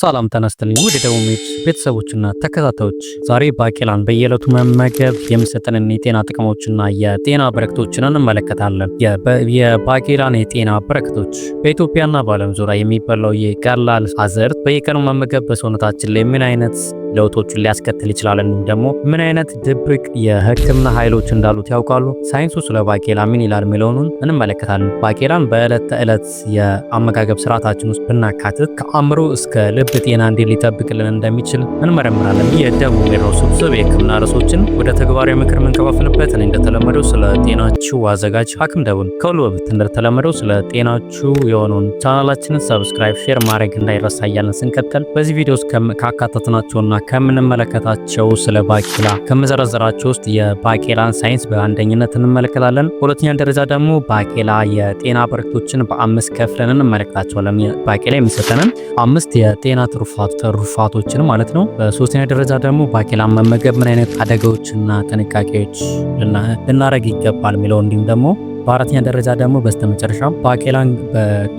ሰላም ተነስተልኝ ውድ ደቡሜድ ቤተሰቦችና ተከታታዮች፣ ዛሬ ባቄላን በየዕለቱ መመገብ የሚሰጠንን የጤና ጥቅሞችና የጤና በረከቶችን እንመለከታለን። የባቄላን የጤና በረከቶች በኢትዮጵያና በዓለም ዙሪያ የሚበላው የቀላል አዘርት በየቀኑ መመገብ በሰውነታችን ላይ ምን አይነት ለውጦችን ሊያስከትል ይችላል። እንዲሁም ደግሞ ምን አይነት ድብቅ የህክምና ኃይሎች እንዳሉት ያውቃሉ? ሳይንሱ ስለ ባቄላ ምን ይላል የሚለውን እንመለከታለን። ባቄላን በዕለት ተዕለት የአመጋገብ ስርዓታችን ውስጥ ብናካትት ከአእምሮ እስከ ልብ ጤና እንዲ ሊጠብቅልን እንደሚችል እንመረምራለን። የደቡብ ሜድሮስ ስብስብ የህክምና ርዕሶችን ወደ ተግባራዊ ምክር የምንከፋፍልበት እኔ እንደተለመደው ስለ ጤናችሁ አዘጋጅ ሐኪም ደቡን ከሁሉ በፊት እንደተለመደው ስለ ጤናችሁ የሆነውን ቻናላችንን ሰብስክራይብ፣ ሼር ማድረግ እንዳይረሳ እያለን ስንቀጥል በዚህ ቪዲዮ ካካተትናቸውና ከምንመለከታቸው ስለ ባቄላ ከምዘረዘራቸው ውስጥ የባቄላን ሳይንስ በአንደኝነት እንመለከታለን። በሁለተኛ ደረጃ ደግሞ ባቄላ የጤና በረከቶችን በአምስት ከፍለን እንመለከታቸዋለን። ባቄላ የሚሰጠንን አምስት የጤና ትሩፋቶችን ማለት ነው። በሶስተኛ ደረጃ ደግሞ ባቄላ መመገብ ምን አይነት አደጋዎችና ጥንቃቄዎች ልናደረግ ይገባል የሚለው እንዲሁም ደግሞ በአራተኛ ደረጃ ደግሞ በስተመጨረሻም ባቄላን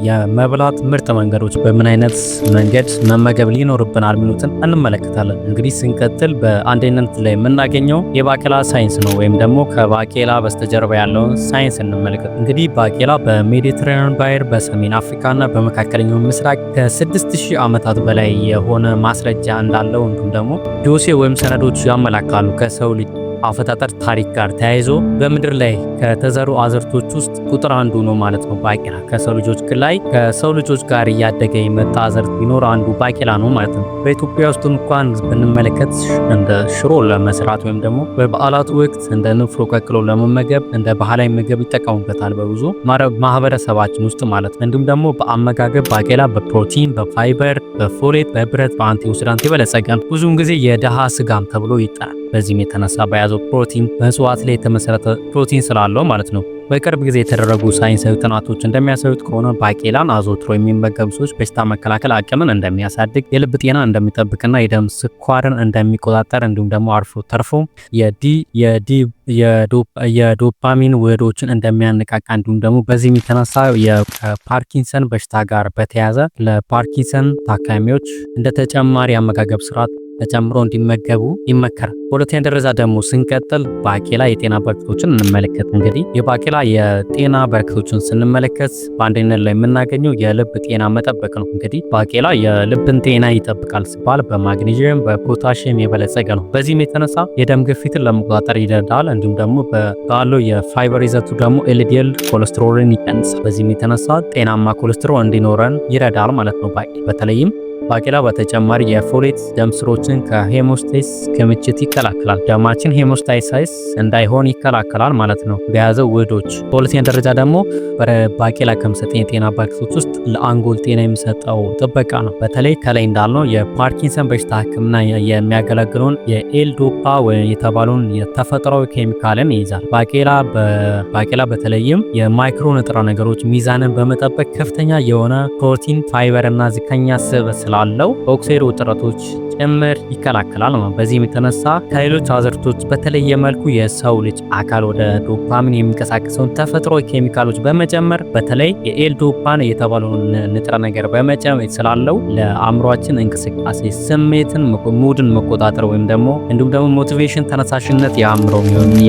የመብላት ምርጥ መንገዶች በምን አይነት መንገድ መመገብ ሊኖርብናል የሚሉትን እንመለከታለን። እንግዲህ ስንቀጥል በአንደኝነት ላይ የምናገኘው የባቄላ ሳይንስ ነው፣ ወይም ደግሞ ከባቄላ በስተጀርባ ያለውን ሳይንስ እንመለከት። እንግዲህ ባቄላ በሜዲትራኒያን ባህር በሰሜን አፍሪካና በመካከለኛው ምስራቅ ከ6000 ዓመታት በላይ የሆነ ማስረጃ እንዳለው እንዲሁም ደግሞ ዶሴ ወይም ሰነዶች ያመላካሉ ከሰው ልጅ አፈጣጠር ታሪክ ጋር ተያይዞ በምድር ላይ ከተዘሩ አዝርቶች ውስጥ ቁጥር አንዱ ነው ማለት ነው ባቄላ። ከሰው ልጆች ላይ ከሰው ልጆች ጋር እያደገ የመጣ አዝርት ቢኖር አንዱ ባቄላ ነው ማለት ነው። በኢትዮጵያ ውስጥ እንኳን ብንመለከት እንደ ሽሮ ለመስራት ወይም ደግሞ በበዓላት ወቅት እንደ ንፍሮ ቀቅሎ ለመመገብ እንደ ባህላዊ ምግብ ይጠቀሙበታል በብዙ ማህበረሰባችን ውስጥ ማለት ነው። እንዲሁም ደግሞ በአመጋገብ ባቄላ በፕሮቲን፣ በፋይበር፣ በፎሌት፣ በብረት፣ በአንቲኦክሲዳንት የበለጸገ ብዙውን ጊዜ የደሃ ስጋም ተብሎ ይጠራል። በዚህም የተነሳ በያዘ የያዘው ፕሮቲን በእጽዋት ላይ የተመሰረተ ፕሮቲን ስላለው ማለት ነው። በቅርብ ጊዜ የተደረጉ ሳይንሳዊ ጥናቶች እንደሚያሳዩት ከሆነ ባቄላን አዘውትሮ የሚመገቡ ሰዎች በሽታ መከላከል አቅምን እንደሚያሳድግ፣ የልብ ጤና እንደሚጠብቅና የደም ስኳርን እንደሚቆጣጠር እንዲሁም ደግሞ አርፎ ተርፎ የዲ የዲ የዶፓሚን ውህዶችን እንደሚያነቃቃ እንዲሁም ደግሞ በዚህም የተነሳ የፓርኪንሰን በሽታ ጋር በተያያዘ ለፓርኪንሰን ታካሚዎች እንደ ተጨማሪ አመጋገብ ስርዓት ተጨምሮ እንዲመገቡ ይመከራል። በሁለተኛ ደረጃ ደግሞ ስንቀጥል ባቄላ የጤና በረከቶችን እንመለከት። እንግዲህ የባቄላ የጤና በረከቶችን ስንመለከት በአንደኝነት ላይ የምናገኘው የልብ ጤና መጠበቅ ነው። እንግዲህ ባቄላ የልብን ጤና ይጠብቃል ሲባል በማግኔዥየም በፖታሽየም የበለጸገ ነው። በዚህም የተነሳ የደም ግፊትን ለመቆጣጠር ይረዳል። እንዲሁም ደግሞ ባለው የፋይበር ይዘቱ ደግሞ ኤልዲኤል ኮሌስትሮልን ይቀንሳል። በዚህም የተነሳ ጤናማ ኮሌስትሮል እንዲኖረን ይረዳል ማለት ነው። በተለይም ባቄላ በተጨማሪ የፎሌት ደም ስሮችን ከሄሞስቴስ ክምችት ይከላከላል። ደማችን ሄሞስታይሳይስ እንዳይሆን ይከላከላል ማለት ነው። በያዘው ውህዶች በሁለተኛ ደረጃ ደግሞ ባቄላ ከምሰጠኝ የጤና ባክሶች ውስጥ ለአንጎል ጤና የሚሰጠው ጥበቃ ነው። በተለይ ከላይ እንዳልነው የፓርኪንሰን በሽታ ሕክምና የሚያገለግለውን የኤልዶፓ የተባለውን የተፈጥሯዊ ኬሚካልን ይይዛል። ባቄላ በተለይም የማይክሮ ንጥረ ነገሮች ሚዛንን በመጠበቅ ከፍተኛ የሆነ ፕሮቲን፣ ፋይበር እና ዝቅተኛ ስብ ስላለው በኦክሴሮ ጥረቶች ጭምር ይከላከላል ነው። በዚህም የተነሳ ከሌሎች አዝርቶች በተለየ መልኩ የሰው ልጅ አካል ወደ ዶፓሚን የሚንቀሳቀሰውን ተፈጥሮ ኬሚካሎች በመጨመር በተለይ የኤል ዶፓን የተባለውን ንጥረ ነገር በመጨመር ስላለው ለአእምሯችን እንቅስቃሴ ስሜትን፣ ሙድን መቆጣጠር ወይም ደግሞ እንዲሁም ደግሞ ሞቲቬሽን ተነሳሽነት የአእምሮ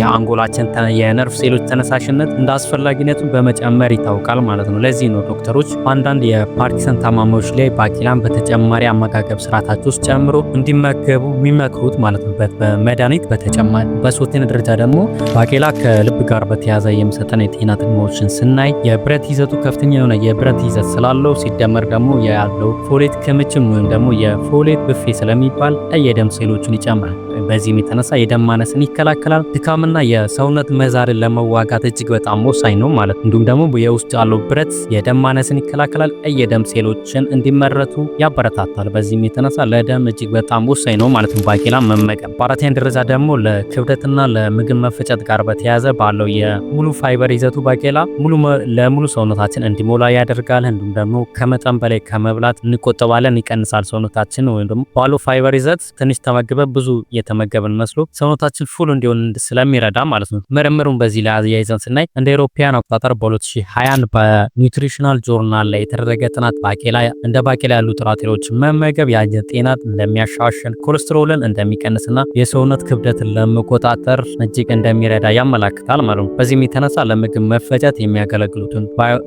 የአንጎላችን የነርቭ ሴሎች ተነሳሽነት እንደ አስፈላጊነቱ በመጨመር ይታወቃል ማለት ነው። ለዚህ ነው ዶክተሮች አንዳንድ የፓርኪንሰን ታማሚዎች ላይ ባቄላን በተጨማሪ አመጋገብ ስርዓታቸው ውስጥ ጨምሮ ጨምሮ እንዲመገቡ የሚመክሩት ማለት ነው። በመድኃኒት በተጨማሪ በሶስተኛ ደረጃ ደግሞ ባቄላ ከልብ ጋር በተያዘ የሚሰጠን የጤና ጥቅሞችን ስናይ የብረት ይዘቱ ከፍተኛ የሆነ የብረት ይዘት ስላለው ሲደመር ደግሞ ያለው ፎሌት ክምችም ወይም ደግሞ የፎሌት ብፌ ስለሚባል የደም ሴሎችን ይጨምራል። በዚህም የተነሳ የደም ማነስን ይከላከላል። ድካምና የሰውነት መዛርን ለመዋጋት እጅግ በጣም ወሳኝ ነው ማለት እንዲሁም ደግሞ የውስጥ ያለው ብረት የደም ማነስን ይከላከላል። የደም ሴሎችን እንዲመረቱ ያበረታታል። በዚህም የተነሳ ለደም እጅግ እጅግ በጣም ወሳኝ ነው ማለት ነው። ባቄላ መመገብ በአራተኛ ደረጃ ደግሞ ለክብደትና ለምግብ መፈጨት ጋር በተያያዘ ባለው የሙሉ ፋይበር ይዘቱ ባቄላ ሙሉ ለሙሉ ሰውነታችን እንዲሞላ ያደርጋል። እንዲሁም ደግሞ ከመጠን በላይ ከመብላት እንቆጠባለን፣ ይቀንሳል። ሰውነታችን ወይም ደግሞ ባለው ፋይበር ይዘት ትንሽ ተመግበ ብዙ የተመገብን መስሎ ሰውነታችን ፉል እንዲሆን ስለሚረዳ ማለት ነው። ምርምሩን በዚህ ላይ አያይዘን ስናይ እንደ ኤሮፓያን አቆጣጠር በ2021 በኒውትሪሽናል ጆርናል ላይ የተደረገ ጥናት ባቄላ እንደ ባቄላ ያሉ ጥራጥሬዎች መመገብ የአንጀት ጤናት እንደሚ እንደሚያሻሽል፣ ኮሌስትሮልን እንደሚቀንስና የሰውነት ክብደትን ለመቆጣጠር እጅግ እንደሚረዳ ያመላክታል ማለት ነው። በዚህም የተነሳ ለምግብ መፈጨት የሚያገለግሉትን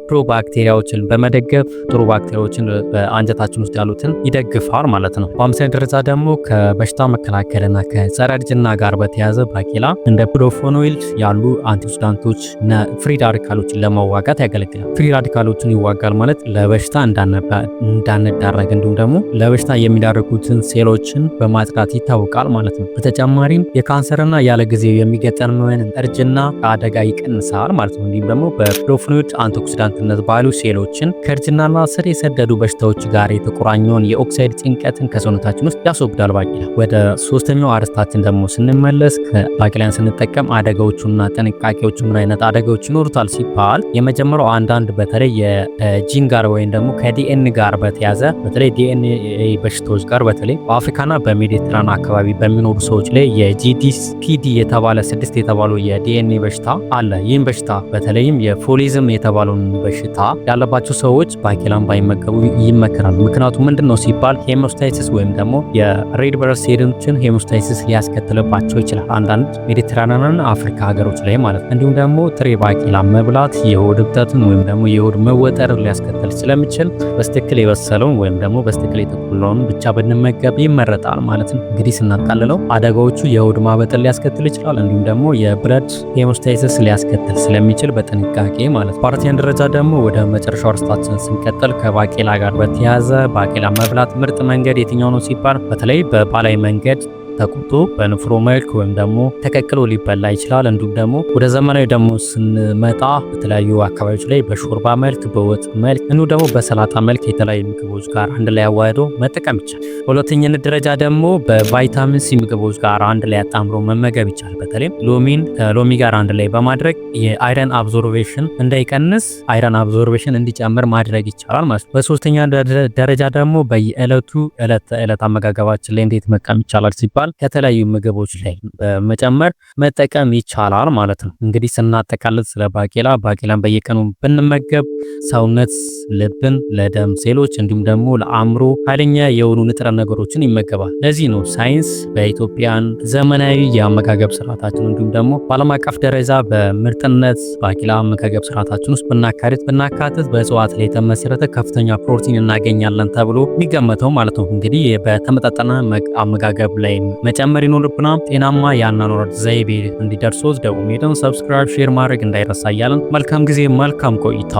ፕሮ ባክቴሪያዎችን በመደገፍ ጥሩ ባክቴሪያዎችን በአንጀታችን ውስጥ ያሉትን ይደግፋል ማለት ነው። በአምሳኛ ደረጃ ደግሞ ከበሽታ መከላከልና ከጸረ እርጅና ጋር በተያያዘ ባቄላ እንደ ፕሮፎኖይል ያሉ አንቲኦክሲዳንቶች ፍሪ ራዲካሎችን ለመዋጋት ያገለግላል። ፍሪ ራዲካሎችን ይዋጋል ማለት ለበሽታ እንዳንዳረግ እንዲሁም ደግሞ ለበሽታ የሚዳረጉትን ሴሎችን በማጥቃት ይታወቃል ማለት ነው። በተጨማሪም የካንሰርና ያለ ጊዜው የሚገጠምን እርጅና አደጋ ይቀንሳል ማለት ነው። እንዲሁም ደግሞ በፍሎፍኖች አንቲኦክሲዳንትነት ባሉ ሴሎችን ከእርጅናና ስር የሰደዱ በሽታዎች ጋር የተቆራኘውን የኦክሳይድ ጭንቀትን ከሰውነታችን ውስጥ ያስወግዳል። ባቄላ ወደ ሶስተኛው አርስታችን ደግሞ ስንመለስ ባቄላን ስንጠቀም አደጋዎቹና ጥንቃቄዎቹ ምን አይነት አደጋዎች ይኖሩታል ሲባል የመጀመሪያው አንዳንድ በተለይ የጂን ጋር ወይም ደግሞ ከዲኤን ጋር በተያዘ በተለይ ዲኤንኤ በሽታዎች ጋር በተለይ በአፍሪካና በሜዲትራን አካባቢ በሚኖሩ ሰዎች ላይ የጂዲፒዲ የተባለ ስድስት የተባለው የዲኤንኤ በሽታ አለ። ይህም በሽታ በተለይም የፎሊዝም የተባለውን በሽታ ያለባቸው ሰዎች ባቄላን ባይመገቡ ይመከራል። ምክንያቱም ምንድን ነው ሲባል ሄሞስታይሲስ ወይም ደግሞ የሬድ በረስ ሴሎችን ሄሞስታይሲስ ሊያስከትልባቸው ይችላል። አንዳንድ ሜዲትራንያን አፍሪካ ሀገሮች ላይ ማለት ነው። እንዲሁም ደግሞ ጥሬ ባቄላ መብላት የሆድ እብጠትን ወይም ደግሞ የሆድ መወጠር ሊያስከትል ስለሚችል በስትክል የበሰለውን ወይም ደግሞ በስትክል የተቆለውን ብቻ ብንመገብ ይመረጣል ማለት ነው። እንግዲህ ስናጣልለው አደጋዎቹ የሆድ ማበጠር ሊያስከትል ይችላል፣ እንዲሁም ደግሞ የብለድ ሄሞስታይሲስ ሊያስከትል ስለሚችል በጥንቃቄ ማለት ነው። ፓርቲያን ደረጃ ደግሞ ወደ መጨረሻው እርስታችን ስንቀጥል ከባቄላ ጋር በተያያዘ ባቄላ መብላት ምርጥ መንገድ የትኛው ነው ሲባል በተለይ በባህላዊ መንገድ ተቁጦ በንፍሮ መልክ ወይም ደግሞ ተቀቅሎ ሊበላ ይችላል። እንዲሁም ደግሞ ወደ ዘመናዊ ደግሞ ስንመጣ በተለያዩ አካባቢዎች ላይ በሾርባ መልክ፣ በወጥ መልክ እንዲሁም ደግሞ በሰላጣ መልክ የተለያዩ ምግቦች ጋር አንድ ላይ አዋህዶ መጠቀም ይቻላል። በሁለተኛነት ደረጃ ደግሞ በቫይታሚን ሲ ምግቦች ጋር አንድ ላይ አጣምሮ መመገብ ይቻላል። በተለይም ሎሚን ከሎሚ ጋር አንድ ላይ በማድረግ የአይረን አብዞርቬሽን እንዳይቀንስ አይረን አብዞርቬሽን እንዲጨምር ማድረግ ይቻላል ማለት ነው። በሶስተኛ ደረጃ ደግሞ በየዕለቱ ዕለት ተዕለት አመጋገባችን ላይ እንዴት መቀም ይቻላል ሲባል ይችላል። ከተለያዩ ምግቦች ላይ በመጨመር መጠቀም ይቻላል ማለት ነው። እንግዲህ ስናጠቃልል ስለ ባቄላ ባቄላን በየቀኑ ብንመገብ ሰውነት፣ ልብን፣ ለደም ሴሎች እንዲሁም ደግሞ ለአእምሮ ኃይለኛ የሆኑ ንጥረ ነገሮችን ይመገባል። ለዚህ ነው ሳይንስ በኢትዮጵያን ዘመናዊ የአመጋገብ ስርዓታችን እንዲሁም ደግሞ በዓለም አቀፍ ደረጃ በምርጥነት ባቄላ አመጋገብ ስርዓታችን ውስጥ ብናካትት ብናካትት በእጽዋት ላይ የተመሰረተ ከፍተኛ ፕሮቲን እናገኛለን ተብሎ የሚገመተው ማለት ነው። እንግዲህ በተመጣጠነ አመጋገብ ላይ መጨመር ይኖርብና ጤናማ የአኗኗር ዘይቤ እንዲደርሶት ደቡብ ሜድን ሰብስክራይብ፣ ሼር ማድረግ እንዳይረሳ እያለን መልካም ጊዜ መልካም ቆይታ